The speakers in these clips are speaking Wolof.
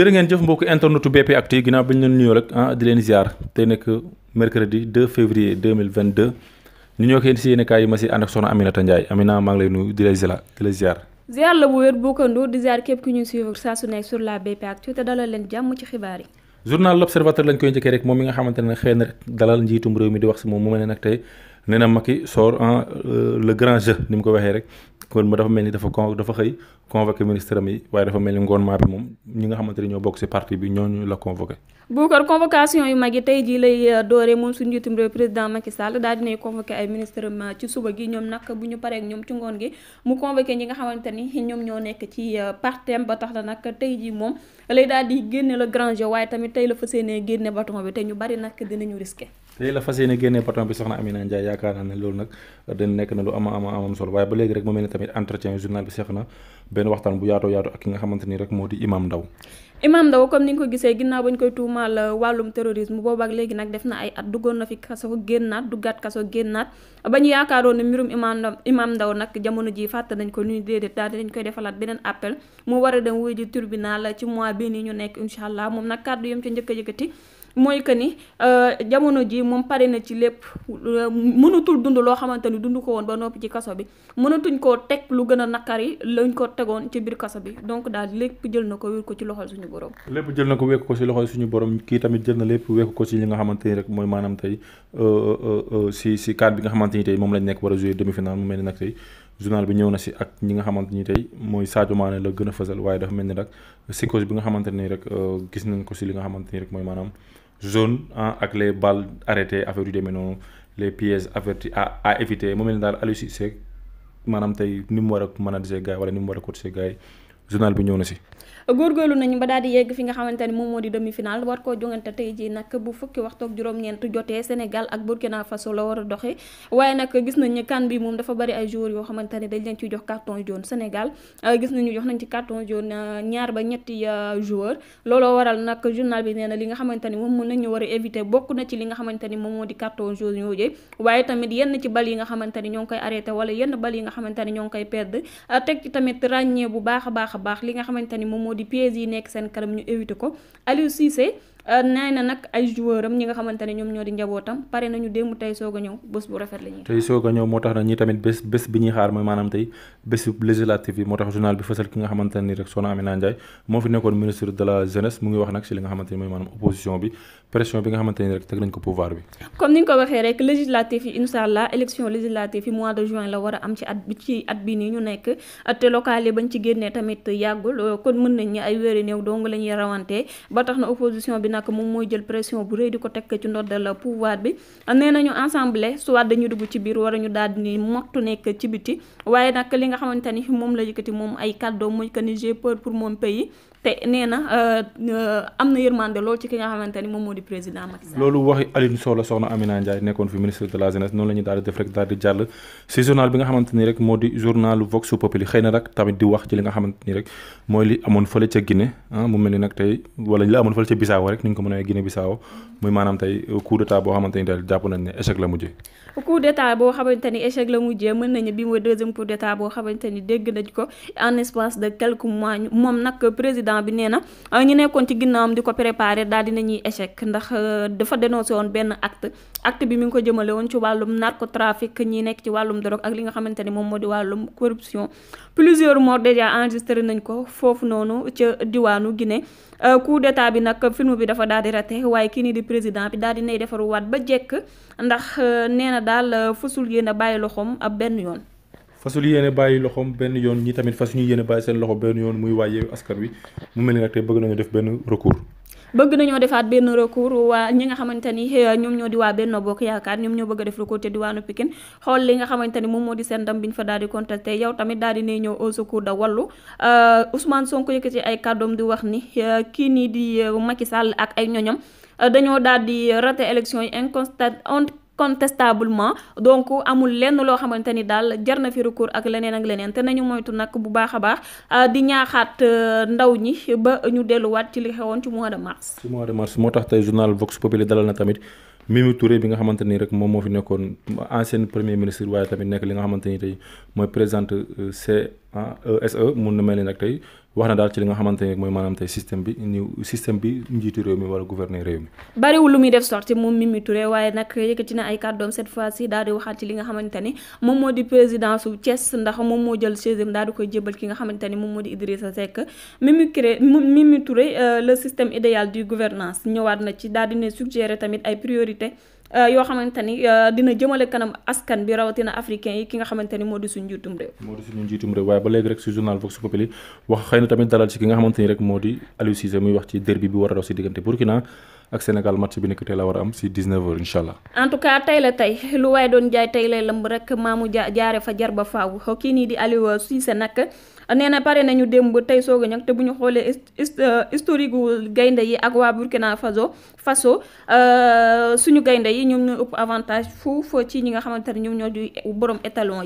jërë ngeen jëf mbokku internetu BP Actu yi ginnaaw bi ñu leen nuyoo rek ah di leen ziar tey nekk mercredi 2 février 2022 ñu ñoo xeen si yéen kaay yi ma si ànd ak soxna Aminata Ndiaye Amina maa ngi lay nuyu di lay zila ziar ziar la bu wér bokkandoo di ziar képp ki ñuy suivre saa su nekk sur la BP Actu te dalal leen jàmm ci xibaar yi journal l'Observateur lañ koy njëkkee rek moom mi nga xamante ne xëy na rek dalal njiitum réew mi di wax si moom mu mel tey ah, euh, le grand jeu ni ko waxee rek kon ma dafa mel ni dafa con dafa xëy convoqué ministre am yi waaye dafa mel ni ngoon ma bi moom ñi nga xamante ni ñoo bokk ci parti bi ñooñu la convoqué Boucar convocation yu mag yi tey jii lay euh, dooree moom suñu njiitum réew président Macky Sall daal dinay convoqué ay ministre am euh, ci suba gi ñoom nag bu ñu pareek ñoom ci ngoon gi mu convoqué ñi nga xamante ni ñoom ñoo nekk ci euh, partem ba tax la nag tey jii moom lay daal di génne la grand waaye tamit tey la fa séenee génne bâton bi te ñu bari nag dinañu risqué léegi la fas yéene génnee patron bi soxna Amina Ndiaye yaakaar ne loolu nag dañ nekk na lu ama ama amam solo waaye ba léegi rek mu mel ni tamit entretien journal bi seex na benn waxtaan bu yaatoo yaatu ak ki nga xamante rek moo di Imam Ndaw Imam Ndaw ko gisee ginnaaw bañ euh, nag na ay at duggoon na fi kaso génnaat duggaat ne mbirum Imam Imam Ndaw nag jamono ji fàtte nañ ko ñu déedéet daal dañ koy defalaat beneen appel mu war a dem wuy ji tribunal ci mois bii nii ñu nekk incha allah moom nag kàddu yam ca njëkk a mooy que ni euh, jamono ji moom pare na ci lépp euh, mënatul dund loo xamante ni dund ko woon ba noppi ci kaso bi mënatuñ koo teg lu gën a naqari lañ ko tegoon ci biir kaso bi donc daal lépp jël na ko wékk ko ci loxol suñu borom. lépp jël na ko wekk ko ci loxol suñu borom kii tamit jël na lépp wékk ko ci li nga xamante ni rek mooy maanaam tey si euh, si cadre bi nga xamante ni tey moom lañ nekk war a jouer demi-finale mu mel ni nag tey. bi ñëw na si ak ñi nga xamante ni tey mooy Sadio Mané la gën a fësal waaye dafa mel ni rek psychose bi nga xamante ni rek gis nañ ko si li nga xamante rek mooy maanaam zone ak les balles arrêtées affaire yu demee noonu les pièges avertis à à éviter mu mel ni daal Aliou Cissé maanaam tey ni mu war a manager gars yi wala ni mu war a coacher gars yi journal bi ñëw na si. góorgóorlu nañu ba daal yegg fi nga xamante ne moom moo di demi-finale war koo jongante tey jii nag bu fukki waxtu juróom-ñeent jotee Sénégal ak Burkina Faso la war a doxee waaye nag gis nañu kan bi moom dafa bari ay joueurs yoo xamante ne dañ leen ciy jox carton jaune Sénégal euh, gis nañu jox nañ ci carton jaune euh, ñaar ba ñetti euh, joueurs looloo waral nag journal bi nee na li nga xamante ni moom mën nañu war a éviter bokk na ci li nga xamante ni moom moo di carton jaune yooyu waaye tamit yenn ci bal yi nga xamante ni ñoo ngi koy arrêté wala yenn bal yi nga xamante ni ngi koy perdre teg ci tamit ràññee baax a baax baax li nga xamante ni moom moo di pièges yi nekk seen karam ñu éviter ko Aliou Cissé Euh, nee na nag ay joueur ñi nga xamante ñoom ñoo di njabootam pare nañu démb tey soog ñëw bés bu rafet la tey soog ñëw moo tax na tamit bés bés bi ñuy xaar mooy maanaam tey bésu législative yi moo moo fi nekkoon ministre de la jeunesse mu ngi wax nag si li nga xamante mooy maanaam opposition bi pression bi nga xamante ne rek teg nañ ko pouvoir bi comme ni ñu ko waxee rek législative yi incha allah élection yi mois de juin la war a am nag moom mooy jël pression bu rëy di ko teg ci ndoddal pouvoir bi nee nañu ensemble soit dañuy dugg ci biir wara ñu daal di mottu nekk ci biti waaye nag li nga xamante ni moom euh, ni moom moo di président Macky Sall. loolu waxi Alioune Sow la soxna Amina Ndiaye nekkoon fi ministre de la jeunesse noonu la ñuy daal di def rek daal jàll si journal bi nga xamante ni rek moo di journalu Vox Populi xëy na rek tamit di wax ci li nga xamante ni rek mooy li amoon fële ca Guinée ah, mu mel ni rek ni ñu ko mën a Guinée Bissau muy maanaam tey coup d'état boo xamante ni daal jàpp nañ ne échec la mujjee coup d'état boo xamante bi mooy deuxième dégg nañ ko en espace de quelques mois moom nag président bi nee euh, ñu nekkoon ci ginnaawam di ko préparer daal dinañuy échec ndax euh, dafa dénoncé woon benn acte acte bi mi ngi ko jëmale woon ci wàllum narcotrafic ñi nekk ci wàllum drogue ak li nga xamante ni moom moo di wàllum corruption plusieurs morts déjà enregistré nañ ko foofu noonu ca diwaanu Guinée euh, dafa daal di raté waaye kii nii di président bi daal di nay defaruwaat ba jekk ndax euh, nee na daal euh, fasul yéen a bàyyi loxoom ab benn yoon. fasul yéene bàyyi loxoom benn yoon ñi tamit fas ñu yéene bàyyi seen loxo benn yoon muy waaye askan wi mu mel ni nag bëgg nañu def benn recours. bëgg nañoo defaat benn recours waa ñi nga xamante ni eh, ñoom ñoo di waa Benno Bokk Yaakaar ñoom ñoo bëgg a def recours te diwaanu Pikine xool li nga xamante ni moom moo di seen ndam bi ñu fa daal di contesté yow tamit daal di ñëw au secours de Wallu euh, Ousmane Sonko yëkkati ay kàddoom di wax ni eh, kii nii di eh, Macky Sall ak ay ñoñom dañoo daal di raté élection yi inconstat incontestablement donc amul lenn loo xamante ni daal jar na fi recours ak leneen ak leneen te nañu moytu nag bu baax a baax ah, di ñaaxaat euh, ndaw ñi ba ñu delluwaat ci li xewoon ci mois de mars. ci mois de mars moo tax tey journal Vox Populi dalal na tamit Mimi Touré bi nga xamante ni rek moom moo fi nekkoon ancien premier ministre waaye tamit nekk li nga xamante ni tey mooy présidente euh, CESE mun na mel ni nag tey. wax na daal ci li nga xamante ne mooy maanaam tey système bi ni système bi njiitu réew mi wala gouverneur réew mi bariwul lu muy def sorti moom mi Mimi ture waaye nag yëkkati na ay kàddoom cette fois ci daal di waxaat ci li nga xamante ni moom moo di présidence su Thiès ndax moom moo jël chaisem daal di koy jébal ki nga xamante ni moom moo di Idrissa Seck Mimi Touré Mimi Touré euh, le système idéal du gouvernance ñëwaat na ci daal di ne suggérer tamit ay priorité Euh, yoo xamante ni euh, dina jëmale kanam askan bi rawatina africain yi ki nga xamante ni moo di suñu njiitum réew moo di suñu njiitum réew waaye ba léegi rek si journal Vox Populi wax xëy tamit dalal ci ki nga xamante ni rek moo di Aliou Cissé muy wax ci derby bi war a daw si diggante Burkina ak Sénégal match bi nekk tey la war a am si 19h incha allah. en tout cas tey la tey lu waaye doon jaay tey lay lëmb rek maamu ja jaare fa jar ba faaw kii nii di Aliou Cissé na nee na pare nañu démb tey soog a ñag te bu ñu xoolee euh, historique gu gaynde yi ak waa Burkina Faso Faso euh, suñu gaynde yi ñoom ñoo ëpp avantage foofu ci ñi nga xamante ne ñoom ñoo di borom étalon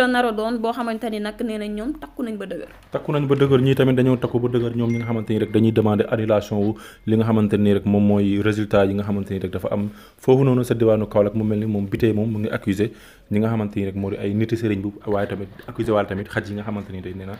la nar a boo xamante ni nag nee na ñoom takku nañ ba dëgër. takku nañ ba dëgër ñii tamit dañoo takku ba dëgër ñoom ñi nga xamante ni rek dañuy demande annulation wu li nga xamante ni rek moom mooy résultat yi nga xamante ni rek dafa am foofu noonu sa diwaanu Kaolack mu mel ni moom bitee moom mu ngi accusé ñi nga xamante ni rek moo di ay niti sëriñ bu waaye tamit accusé waal tamit xaj yi nga xamante ni tey nee na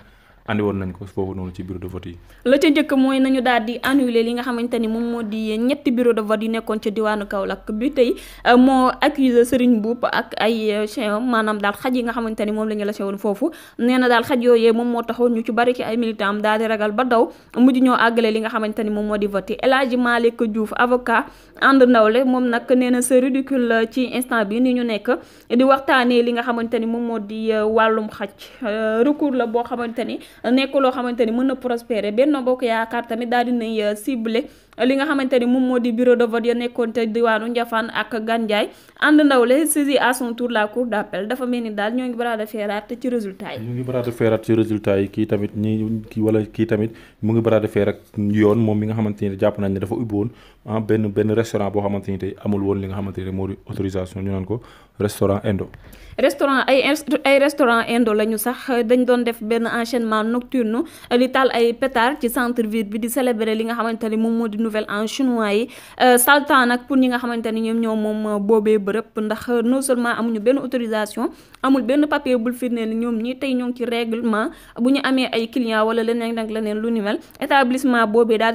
andi woon nañ ko foofu noonu ci bureau de vote yi. la ca njëkk mooy nañu daal di annulé li nga xamante ni moom moo di ñetti bureau de vote yi nekkoon ca diwaanu Kaolack bi tey euh, moo accusé Serigne ak ay euh, chien maanaam daal xaj yi nga xamante ni moom la ñu lase foofu nee na daal xaj yooyee moo taxoon ñu ci bari ci ay militant daal di ba daw mujj ñoo àggale li nga xamante ni moom moo di vote El Hadji Malick Diouf avocat ànd ndawle moom nag nee na c'est ridicule euh, ci instant bi ni ñu nekk di waxtaanee li nga xamante ni moom moo di wàllum xaj recours la boo xamante ni nekk loo xamante ni mën na prospérer Benno Bokk Yaakaar tamit daal dinay euh, ciblé li nga xamante ni moom moo di bureau de vote ya nekkoon te diwaanu Njafaan ak Gandiaye ànd ndawle saisi à son tour la cour d'appel dafa mel ni daal ñoo ngi baraada feeraat ci résultat yi ñu ngi baraada feeraat ci résultat yi kii tamit ñi kii wala kii tamit mu ngi baraada feer ak yoon moom mi nga xamante ni jàpp nañ ne dafa ubbi ah benn benn restaurant boo xamante ni tey amul woon li nga xamante ni moo di autorisation ñu naan ko restaurant indo. restaurant ay ay restaurant indo lañu sax dañ doon def benn enchaînement nocturne li taal ay pétard ci centre ville bi di célébrer li nga xamante moom moo di nouvelle an chinois yi euh, saltan nag pour ñi nga xamante ni ñoom ñoo moom boobee bërëb ndax non seulement amuñu benn autorisation amul benn papier bul firndeel ni ñoom ñi tey ñoo ci règlement bu ñu amee ay clients wala leneen ak leneen lu ni mel établissement boobee daal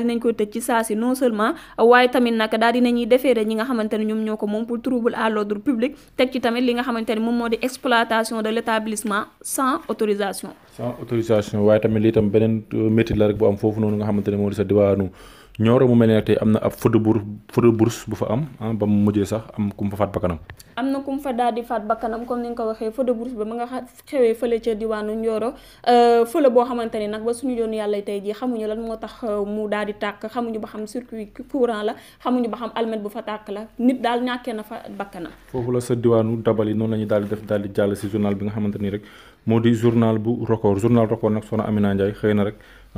waaye tamit nag daal dina ñuy déférer ñi nga xamante ne ñoom ñoo ko moom pour trouble à l'ordre public teg ci tamit li nga xamante ne moom moo di exploitation de l'établissement sans autorisation sans autorisation waaye tamit lii tam beneen euh, métier la rek bu am foofu noonu nga xamante ne moo di sa diwaanu Nioro mu mel ne nag tey am na ab feu de bourse feu bu fa am ah, ba mu mujjee sax am ku mu faat bakkanam am na ku mu fa daal di faat bakkanam comme ni nga ko waxee feu de brousse ba ma nga xewee fële ca diwaanu Nioro euh, fële boo xamante ni nag ba suñu yoonu yàlla tey jii xamuñu lan moo tax euh, mu daal di tàkk xamuñu ba xam circuit courant la xamuñu ba xam almet bu fa tàkk la nit daal ñàkkee na fa bakkanam foofu la sa diwaanu dabal yi noonu la ñu daal di def daal di jàll si journal bi nga xamante ni rek moo di journal bu record journal record nag soxna Amina Ndiaye xëy na rek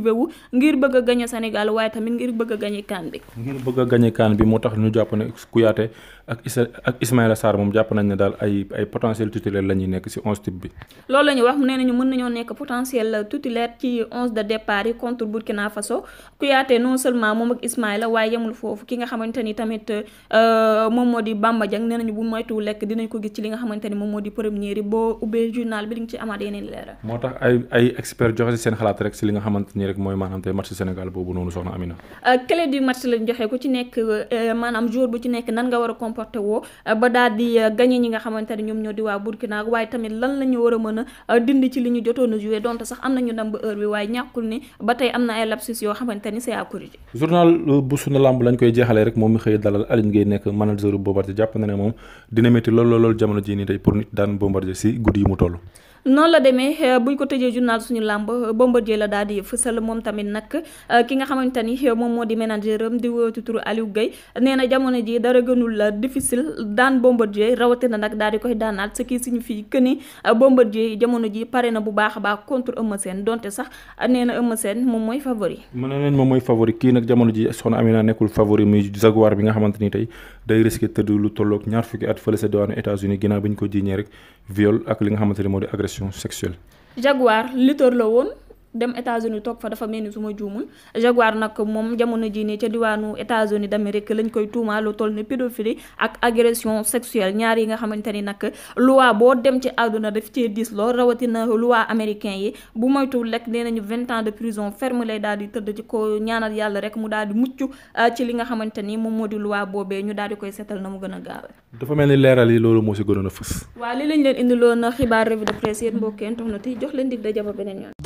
ngir bëgg a gañe Sénégal waaye tamit ngir bëgg a gañe CAN bi. ngir bëgg a gañe bi moo tax ñu jàpp ne Kouyaté ak Issa ak Ismaïla Sarr moom jàpp nañ ne daal ay potentiel titulaire la nekk ci onze type bi. loolu la ñuy wax nee nañu mën nañoo nekk potentiel titulaire ci onze de départ yi contre Burkina ki nga xamante ni tamit noonu soxna Amina. Euh, clé du match lañ joxe ku ci nekk euh, maanaam jour bu ci nekk nan nga war a comporté woo euh, ba daal di euh, ñi nga xamante ne ñoom ñoo di waa Burkina waaye tamit lan la ñu war a mën a euh, dindi ci li ñu jotoon a donte sax am nañu ndam ba heure bi waaye ñàkkul ni ba tey am na ay lapsus yoo xamante ni c'est à corriger journal bu sunu lamb lañ koy jeexalee rek moom mi xëy dalal Aline Gueye nekk manager Bombardier jàpp na ne moom dina métti lool lool jamono ji nii tey pour nit daan Bombardier si guddi yi mu toll noonu la demee euh, buñ ko tëjee journal suñu làmb euh, Bombardier la daal di fësal moom tamit nag euh, ki nga xamante ni moom moo di manager am di wootu turu Aliou nee na jamono ji dara gënul la difficile daan Bombardier rawatina nag daal di koy daanaat ce qui signifie que ni Bombardier jamono ji pare na bu baax a baax contre Eumeu Sène xamante ni tey day risqué tëdd lu tolloog ñaar fukki at fële sa diwaanu États-Unis ginnaaw bi ñu ko jiiñee rek viol ak li nga xamante ni moo di agression agression sexuelle. Jaguar lutteur la woon. dem états uni toog fa dafa mel ni suma ma juumul Jaguar nag moom jamono ji nii ca diwaanu États-Unis d'Amérique lañ koy tuumaa lu toll ni pédophilie ak agression sexuelle ñaar yi nga xamante ni nag loi boo dem ci àdduna def cee diis lool rawatina loi américain yi bu moytuwul rek nee nañu vingt ans de prison ferme lay daal di tëdd ci ko ñaanal yàlla rek mu daal di mucc ah, ci li nga xamante ni moom moo di loi boobee ñu daal di koy seetal na mu gën a gaawe dafa loolu a fës. waaw xibaar revue jox leen dig beneen yoon